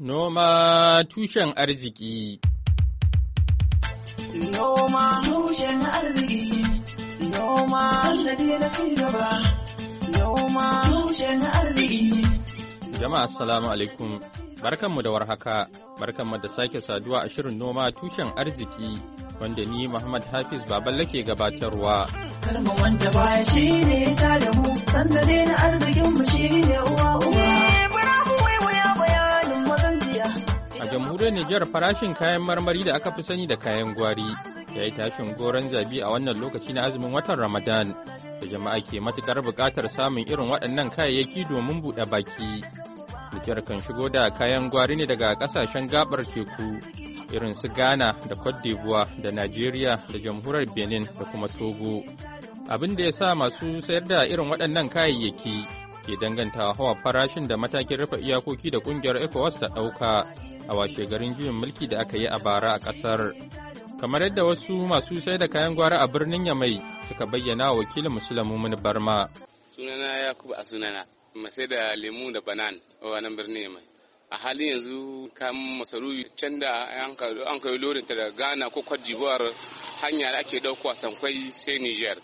Noma tushen arziki Noma tushen arziki Noma na cigaba Noma tushen arziki Jama'a assalamu alaikum barkanmu da warhaka barkanmu da sake saduwa a shirin noma tushen arziki wanda ni Muhammad Hafiz Baballe lake gabatarwa. Karma wanda baya shi ne ta da mu sannadi na arzikinmu shi ne uwa uwa jamhuriyar Nijar farashin kayan marmari da aka fi sani da kayan gwari ya yi tashin goron zabi a wannan lokaci na azumin watan Ramadan da jama'a ke matukar buƙatar samun irin waɗannan kayayyaki domin buɗe baki. Nijar kan shigo da kayan gwari ne daga ƙasashen gaɓar teku irin su Ghana da Cote d'Ivoire da Najeriya da jamhuriyar Benin da kuma Togo. Abin da ya sa masu sayar da irin waɗannan kayayyaki ke dangantawa hawa farashin da matakin rufe iyakoki da ƙungiyar ECOWAS ta ɗauka a washe garin juyin mulki da aka yi a bara a kasar Kamar yadda wasu masu sai da kayan gwara a birnin Yamai suka bayyana wa wakilin Musulmu Mini Barma. Sunana Yakubu a sunana, masai da lemu da banan a nan birnin Yamai. A halin yanzu kan masarufi can da an kai lorin ta da Ghana ko Cote d'Ivoire hanya da ake a sankwai sai Niger.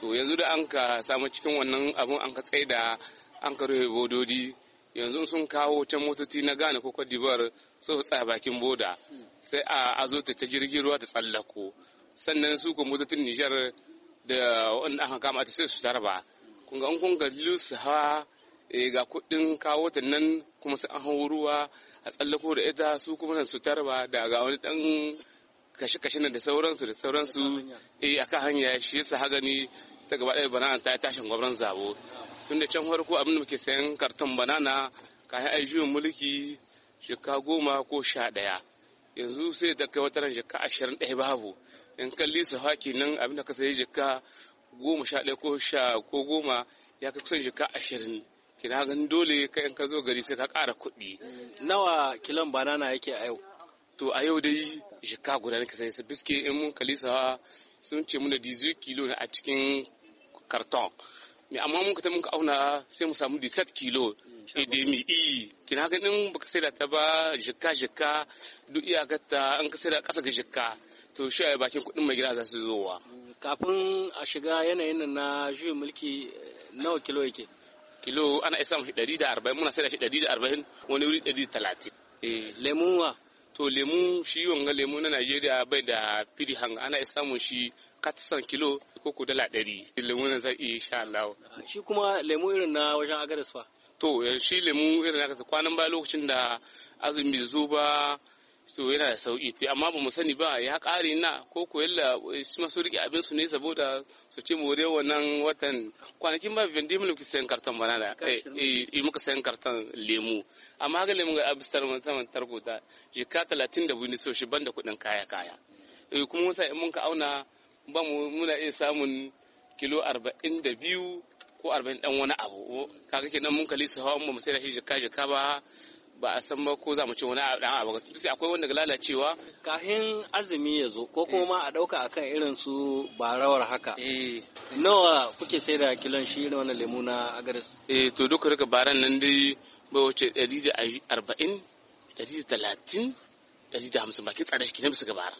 To yanzu da an ka samu cikin wannan abun an ka tsaida an ka rufe bododi yanzu sun kawo can motoci na gane ko Cote so su tsaya bakin boda sai a azo ta ta jirgin ruwa ta tsallako sannan su ko motocin nijar da wanda aka kama ta sai su tarba kun ga an kun ga lusu hawa eh, ga kuɗin kawo ta nan kuma su an hau ruwa a tsallako da ita su kuma su tarba da ga wani dan kashe-kashe da sauransu da sauransu eh akan hanya shi yasa hagani ta gaba ɗaya bana ta tashin gwamnan zabo tun da can farko abin da muke sayan karton banana ka kayan ayyukan mulki shekka goma ko sha ɗaya yanzu sai da kai wataran shekka ashirin ɗaya babu in kalli su haki nan abin da ka sayi shekka goma sha ɗaya ko sha ko goma ya kai kusan shekka ashirin kina ganin dole ka in ka zo gari sai ka ƙara kuɗi. nawa kilon banana yake a yau to a yau dai shekka guda nake sayi su biske in mun kalli sun ce muna 18 kilo na a cikin karton mai amma mun ta mun ka auna sai mu samu 17 kilo idemi i kin haka din baka sai eh. da ta ba jikka jikka duk iyakar ta an ka sai da kasa ga jikka to shi a bakin kudin mai gida za su zo wa kafin a shiga yanayin na juyin mulki eh, nawa kilo yake kilo ana isa mu 140 muna sai da shi 140 wani wuri 130 eh lemun to lemu shi wanga lemu na Najeriya bai da firi hanga ana mu shi ka ta san kilo ko ku dala ɗari na zai iya sha Allah. Shi kuma lemu irin na wajen agadas fa? To eh, shi lemu irin na kwanan baya lokacin da azumi zuba to yana da sauki amma ba mu sani ba ya ƙari na ko ko yalla eh, su masu riƙe abin su ne saboda su ce mu rewa nan watan kwanakin ba vendi mu ki sayan karton da eh, eh muka sayan karton lemu amma ga lemu ga abistar mu taman tarko da jika talatin da wuni so shi banda kuɗin kaya kaya kuma musa in mun ka auna ba mu muna iya samun kilo arba'in da biyu ko arba'in dan wani abu kaga kenan mun kalli su hawa mu sai da shi jika jika ba ba a san ba ko za mu ci wani dan abu sai akwai wanda ga lalacewa kafin azumi ya zo ko kuma a dauka akan irin su barawar haka eh. nawa kuke sai da kilon shi irin wannan lemu na agaris eh to duka duka baran nan dai bai wuce 140 130 150 bakin tsada shi kenan bisa ga bara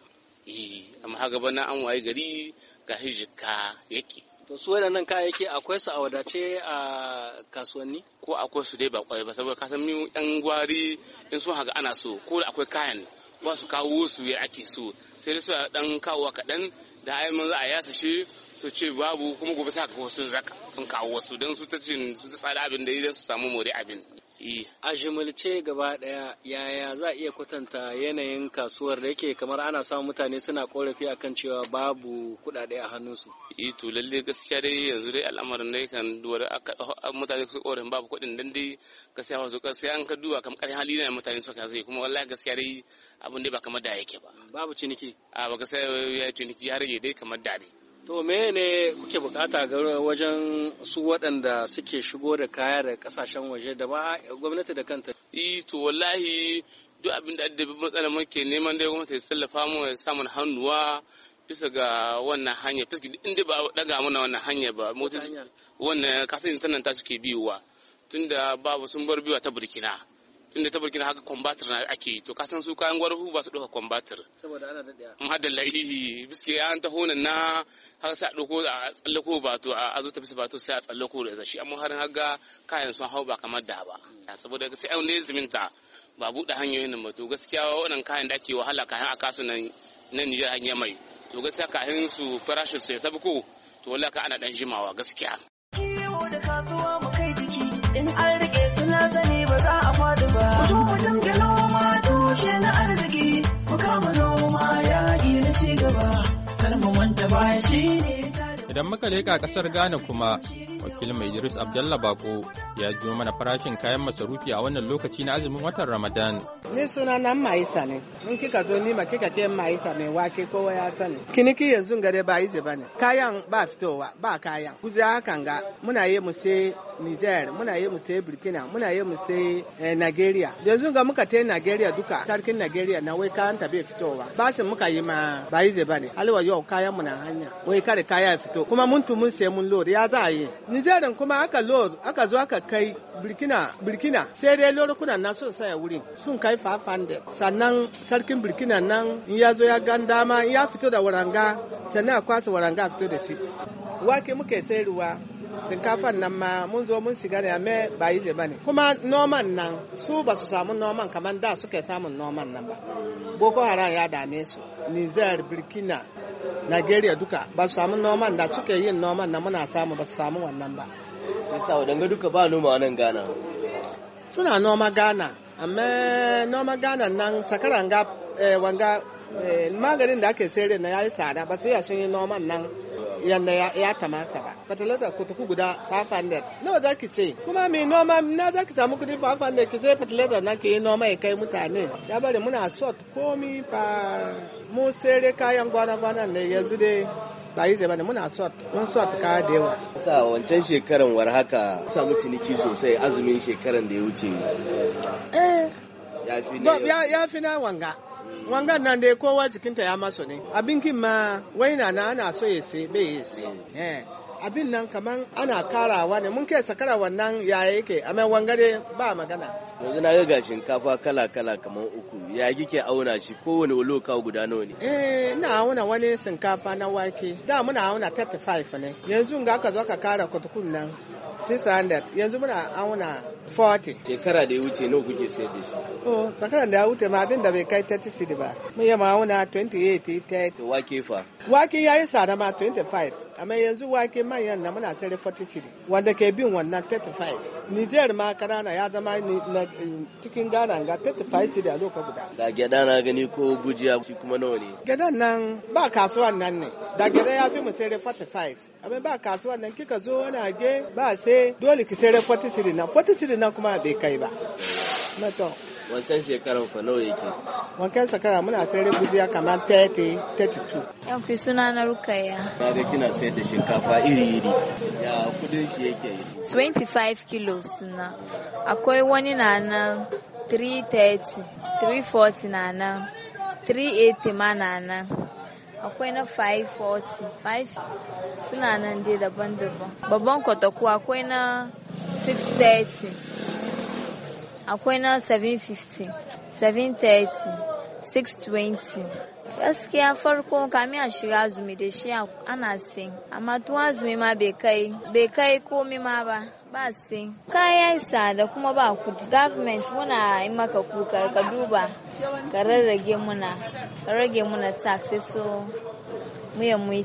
yi eh, amma haka bana an waye gari ga hijika yake to su waɗannan kayayyaki akwai su a wadace a kasuwanni ko akwai su dai ba kwai ba saboda kasan mu yan gwari in sun haka ana so ko da akwai kayan ba su kawo su ya ake so sai da su dan kawo kaɗan da ai mun za a yasa shi To ce babu kuma gobe sa ka wasu zaka sun kawo wasu don su ta ce su ta tsada abin da idan su samu more abin e, a jimilce gaba daya yaya za a iya kwatanta yanayin kasuwar da yake kamar ana samun mutane suna korafi akan cewa babu kudade a hannunsu yi e, to lalle gaskiya dai yanzu dai al'amarin dai kan duwar mutane su korafi babu kudin dan dai gaskiya wasu gaskiya an ka duwa kamar karshen hali ne mutane su zai kuma wallahi gaskiya dai abin da ba kamar da yake ba babu ciniki a ba gaskiya ya ciniki ya rage dai kamar da To ne kuke bukata ga wajen su waɗanda suke shigo da kaya da kasashen waje da ba gwamnati da kanta? Eh to wallahi duk abin da addabi matsalar muke neman dai gwamnati ta tallafa mu ya samu hannuwa bisa ga wannan hanya fiski inda ba daga mana wannan hanya ba motoci wannan kasan tana ta suke biyuwa tunda babu sun bar biyuwa ta Burkina. inda ta burkina haka kwambatar na ake to ka san su kayan gwarhu ba su ɗauka kwambatar saboda ana daɗe in hadda laihi biske an taho na haka sai a ɗauko a tsallako ba to a zo ta bisa ba to sai a tsallako da shi amma har haka kayan sun hau ba kamar da ba mm. saboda sai an ne ziminta ba buɗe hanyoyin nan ba to gaskiya waɗannan kayan da ake wahala kayan a kasu nan na Nijar hanya mai to gaskiya kayan su farashin su ya ko to wallahi ka ana ɗan jimawa gaskiya kiwo da kasuwa mu kai jiki in an rike suna zane Idan muka leƙa ƙasar Ghana kuma, wakilin mai Idris abdullah Bako ya jiyo mana farashin kayan masarufi a wannan lokaci na azumin watan Ramadan. Ni suna nan Maisa ne, in kika zo ni ma kika ce Maisa mai wake kowa ya sani. Kiniki yanzu gare ba izi ba ne, kayan ba fitowa ba kayan. Kuzi hakan ga muna yi mu sai Niger, muna yi mu sai Burkina, muna yi mu sai eh, Nigeria. Yanzu ga muka ta Nigeria duka, sarkin Nigeria na wai kayan ta bai fitowa. su muka yi ma ba izi ba ne, alwa yau kayan mu na hanya, wai kare kaya fito. Kuma mun tumun sai mun lord ya za a yi. Nigeria kuma aka lord aka zo aka kai Burkina Burkina sai dai lorukuna na sun saya wurin sun kai 500 sannan sarkin Burkina nan in ya zo ya gan dama ya fito da waranga sannan a kwasa waranga a fito da shi wake muke sayarwa shinkafan nan ma mun zo mun shiga ne me ba yi ba ne kuma noman nan su ba su samu noman kamar da suke samun noman nan ba boko haram ya dame su nizar burkina nigeria duka ba su samu noman da suke yin noman nan muna samu ba su samu wannan ba sai sa wadanga duka ba noma nan Ghana suna noma Ghana amma noma Ghana nan sakaran ga eh, wanga eh, maganin da ake sayar na yayi tsada ba su yashin yi noman nan yadda ya kamata ba fatalata kutuku guda 500 nawa za ki sai kuma mai noma na za ki samu kudi 500 ki sai fatalata na ke yi noma ya kai mutane ya bari muna sot komi fa mu sere kayan gwana-gwana ne yanzu dai ba yi bane muna sot mun sot kaya da yawa sa wancan shekaran war haka samu ciniki sosai azumin shekaran da ya wuce eh ya fi na wanga wangan nan dai kowa jikinta ya maso ne abin kin ma wai na ana so ya sai bai ya sai eh, abin nan kaman ana karawa ne mun kai sakara wannan ya yake amma wangare ba magana yanzu na ga shinkafa kala kala kaman uku ya kike auna shi kowane loka guda nawa ne eh ina auna wani shinkafa na wake da muna auna 35 ne yanzu ga ka zo ka kara kutukun nan 600 yanzu muna auna 40 shekara da ya wuce nawa kuke sayar da shi oh shekara da ya wuce ma abin da bai kai 30 ba mu yi ma auna 28 30 wake fa wake yayi sada ma 25 amma yanzu wake manyan na muna tare 43 wanda ke bin wannan 35 nijiyar ma kanana ya zama cikin gana ga 35 ce da loka guda da gyada na gani ko gujiya shi kuma nawa ne gyadan nan ba kasuwan nan ne da gyada ya fi mu sai 45 amma ba kasuwan nan kika zo wani age ba sai dole ki sai 43 nan 43 nan kuma bai kai ba na to wancan shekarar fa nawa yake wancan shekara muna tare ya kamar 30 32 yan fi suna na rukaya ya da kina sai da shinkafa iri iri ya kudin shi yake 25 kilos na akwai wani na nan 330 340 na nan 380 ma na nan akwai na 540 5 suna nan dai daban-daban babban kwatakwa akwai na 630 akwai na 750 730 620 gaskiya farko kami a shiga azumi da shi ana sin amma tun azumi ma bai kai bai kai komi ma ba ba sin kaya isa da kuma ba kudi government muna yi maka kuka ka duba ka rarrage muna rage muna tax so muyan mu yi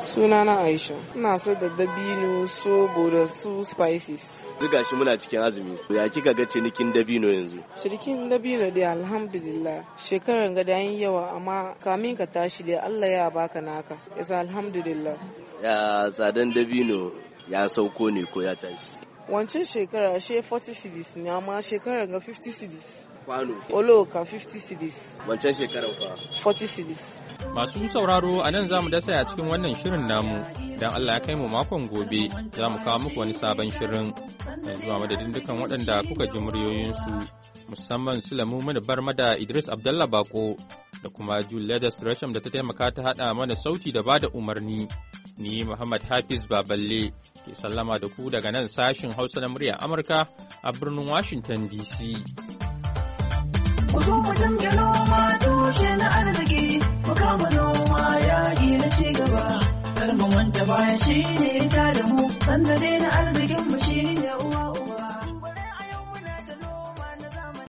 Suna na Aisha, ina so da dabino, sobo da su spices. Duk shi muna cikin azumi, ya kika ga cinikin dabino yanzu? Cinikin dabino dai alhamdulillah, shekarar ga dayan yawa amma kamin ka tashi dai Allah ya baka naka, yasa alhamdulillah. Ya tsadan dabino ya sauko ne ko ya tashi? Wancan shekara shi 40 cities ne amma shekarar ga 50 cities kwano. Olo ka 50 cities. Wancan shekarar fa. 40 cities. Masu sauraro a nan za mu dasa a cikin wannan shirin namu. Dan Allah ya kai mu makon gobe za mu kawo muku wani sabon shirin. Yanzu a madadin dukan waɗanda kuka ji muryoyinsu musamman su lamu Mani Barmada Idris Abdallah Bako da kuma Julia da Stresham da ta taimaka ta haɗa mana sauti da bada umarni. Ni Muhammad Hafiz Baballe ke sallama da ku daga nan sashin Hausa na murya Amurka a birnin Washington DC. ku zo mu dinga noma tushe na arziki ku kama noma yaƙi na ci gaba kar mu manta baya ta da mu sanda na arzikin mu shine uwa